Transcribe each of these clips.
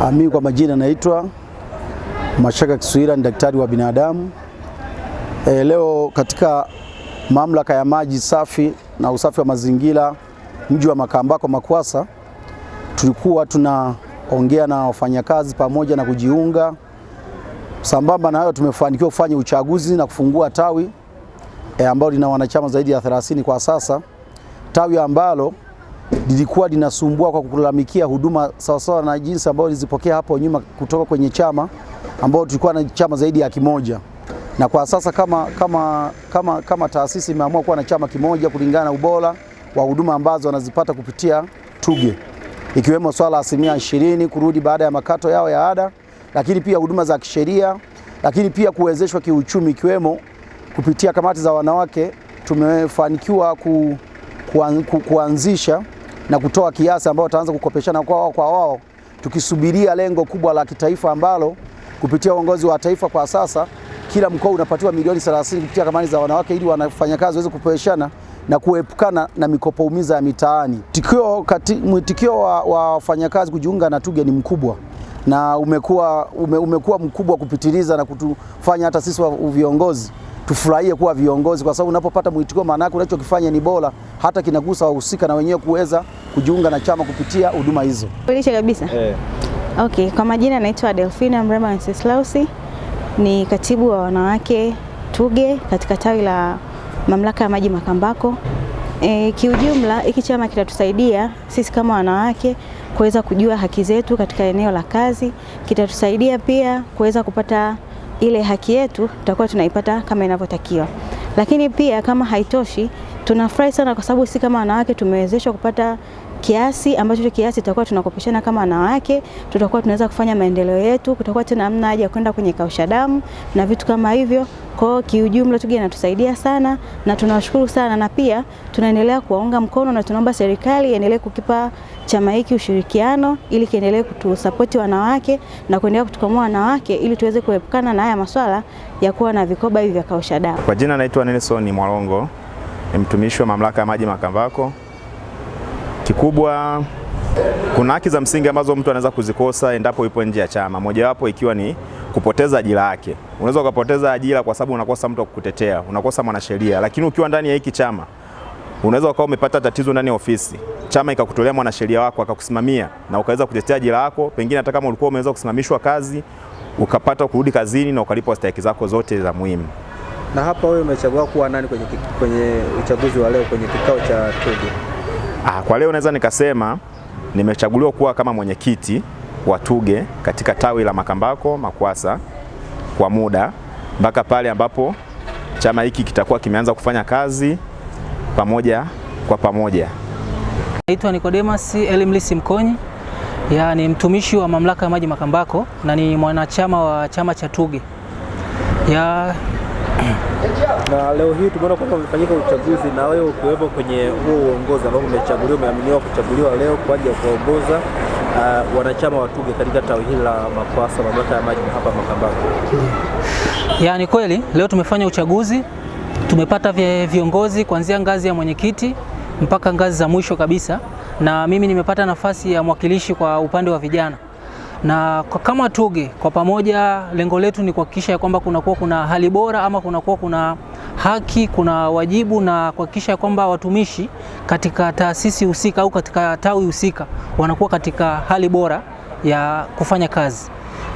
Ah, mimi kwa majina naitwa Mashaka Kiswira, ni daktari wa binadamu. E, leo katika mamlaka ya maji safi na usafi wa mazingira mji wa Makambako Makwasa, tulikuwa tunaongea na wafanyakazi pamoja na kujiunga. Sambamba na hayo, tumefanikiwa kufanya uchaguzi na kufungua tawi e, ambalo lina wanachama zaidi ya 30 kwa sasa, tawi ambalo lilikuwa linasumbua kwa kulalamikia huduma sawasawa na jinsi ambayo lizipokea hapo nyuma kutoka kwenye chama ambao tulikuwa na chama zaidi ya kimoja, na kwa sasa kama, kama, kama, kama taasisi imeamua kuwa na chama kimoja kulingana na ubora wa huduma ambazo wanazipata kupitia TUGHE ikiwemo swala asilimia ishirini kurudi baada ya makato yao ya ada, lakini pia huduma za kisheria, lakini pia kuwezeshwa kiuchumi ikiwemo kupitia kamati za wanawake tumefanikiwa ku, ku, ku, kuanzisha na kutoa kiasi ambao wataanza kukopeshana kwa wao kwa wao, tukisubiria lengo kubwa la kitaifa ambalo kupitia uongozi wa taifa kwa sasa kila mkoa unapatiwa milioni 30 kupitia kamati za wanawake ili wanafanyakazi waweze kupeshana na kuepukana na mikopo umiza ya mitaani. Mwitikio wa wafanyakazi kujiunga na TUGHE ni mkubwa na umekuwa ume, umekuwa mkubwa kupitiliza na kutufanya hata sisi viongozi tufurahie kuwa viongozi, kwa sababu unapopata mwitikio, maana yake unachokifanya ni bora, hata kinagusa wahusika na wenyewe kuweza kujiunga na chama kupitia huduma hizo. Kulisha kabisa eh. Okay, kwa majina naitwa Delfina Mrema Wenceslausi, ni katibu wa wanawake TUGHE katika tawi la mamlaka ya maji Makambako. E, kiujumla hiki chama kitatusaidia sisi kama wanawake kuweza kujua haki zetu katika eneo la kazi, kitatusaidia pia kuweza kupata ile haki yetu tutakuwa tunaipata kama inavyotakiwa. Lakini pia kama haitoshi, tunafurahi sana kwa sababu si kama wanawake tumewezeshwa kupata kiasi ambacho hicho kiasi tutakuwa tunakopeshana kama wanawake, tutakuwa tunaweza kufanya maendeleo yetu, kutakuwa tena namna ya kwenda kwenye kausha damu na vitu kama hivyo. Kwa hiyo kiujumla, TUGHE inatusaidia sana na tunawashukuru sana, na pia tunaendelea kuwaunga mkono na tunaomba serikali iendelee kukipa chama hiki ushirikiano ili kiendelee kutusapoti wanawake na kuendelea kutukamua wanawake ili tuweze kuepukana na haya maswala ya kuwa na vikoba hivi vya kausha damu. Kwa jina naitwa Nelson Mwalongo, ni mtumishi wa mamlaka ya maji Makambako. Kikubwa kuna haki za msingi ambazo mtu anaweza kuzikosa endapo ipo nje ya chama, mojawapo ikiwa ni kupoteza ajira yake. Unaweza ukapoteza ajira kwa sababu unakosa mtu wa kukutetea, unakosa mwanasheria. Lakini ukiwa ndani ya hiki chama unaweza ukawa umepata tatizo ndani ya ofisi, chama ikakutolea mwanasheria wako akakusimamia na ukaweza kutetea ajira yako, pengine hata kama ulikuwa umeweza kusimamishwa kazi ukapata kurudi kazini na ukalipwa stahiki zako zote za muhimu. Na hapa wewe umechagua kuwa nani kwenye, kwenye uchaguzi wa leo kwenye kikao cha tuge? Ah, kwa leo naweza nikasema nimechaguliwa kuwa kama mwenyekiti wa TUGHE katika tawi la Makambako Makwasa kwa muda mpaka pale ambapo chama hiki kitakuwa kimeanza kufanya kazi pamoja kwa pamoja. Naitwa Nicodemus Elimlisi Mkonyi, ya ni mtumishi wa mamlaka ya maji Makambako na ni mwanachama wa chama cha TUGHE ya na leo hii tumeona kwamba umefanyika uchaguzi na wewe ukiwepo kwenye huo uongozi ambao umechaguliwa, umeaminiwa kuchaguliwa leo kwa ajili ya kuongoza uh, wanachama watuge katika tawi hili la Makwasa, mamlaka ya maji hapa Makambako. Yaani kweli leo tumefanya uchaguzi, tumepata viongozi kuanzia ngazi ya mwenyekiti mpaka ngazi za mwisho kabisa, na mimi nimepata nafasi ya mwakilishi kwa upande wa vijana na kwa kama TUGHE kwa pamoja lengo letu ni kuhakikisha ya kwamba kunakuwa kuna hali bora ama kunakuwa kuna haki, kuna wajibu na kuhakikisha kwamba watumishi katika taasisi husika au katika tawi husika wanakuwa katika hali bora ya kufanya kazi.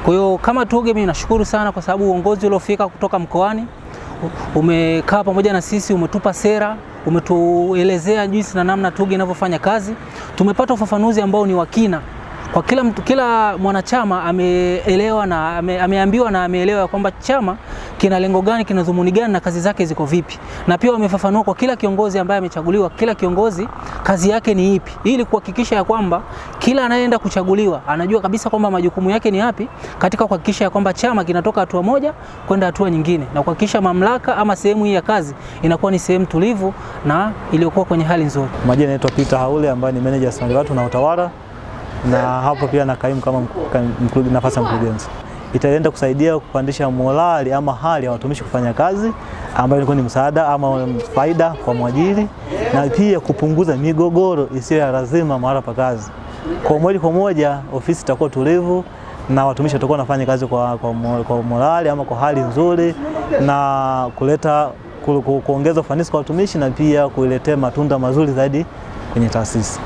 Kwa hiyo kama TUGHE, mimi nashukuru sana kwa sababu uongozi uliofika kutoka mkoani umekaa pamoja na sisi, umetupa sera, umetuelezea jinsi na namna TUGHE inavyofanya kazi. Tumepata ufafanuzi ambao ni wa kina kwa kila, mtu, kila mwanachama ameelewa na ame, ameambiwa na ameelewa kwamba chama kina lengo gani, kina dhumuni gani na kazi zake ziko vipi, na pia wamefafanua kwa kila kiongozi ambaye amechaguliwa, kila kiongozi kazi yake ni ipi, ili kuhakikisha ya kwamba kila anayeenda kuchaguliwa anajua kabisa kwamba majukumu yake ni yapi katika kuhakikisha ya kwamba chama kinatoka hatua moja kwenda hatua nyingine, na kuhakikisha mamlaka ama sehemu hii ya kazi inakuwa ni sehemu tulivu na iliyokuwa kwenye hali nzuri. Majina naitwa Peter Haule ambaye ni manager ya watu na utawala na hapo pia na kaimu kama nafasi ya mkurugenzi itaenda kusaidia kupandisha morali ama hali ya watumishi kufanya kazi ambayo ni msaada ama faida kwa mwajiri, na pia kupunguza migogoro isiyo ya lazima mahala pa kazi. Kwa moja kwa moja, ofisi itakuwa tulivu na watumishi watakuwa wanafanya kazi kwa, kwa, kwa morali ama kwa hali nzuri na kuleta ku, ku, kuongeza ufanisi kwa watumishi na pia kuiletea matunda mazuri zaidi kwenye taasisi.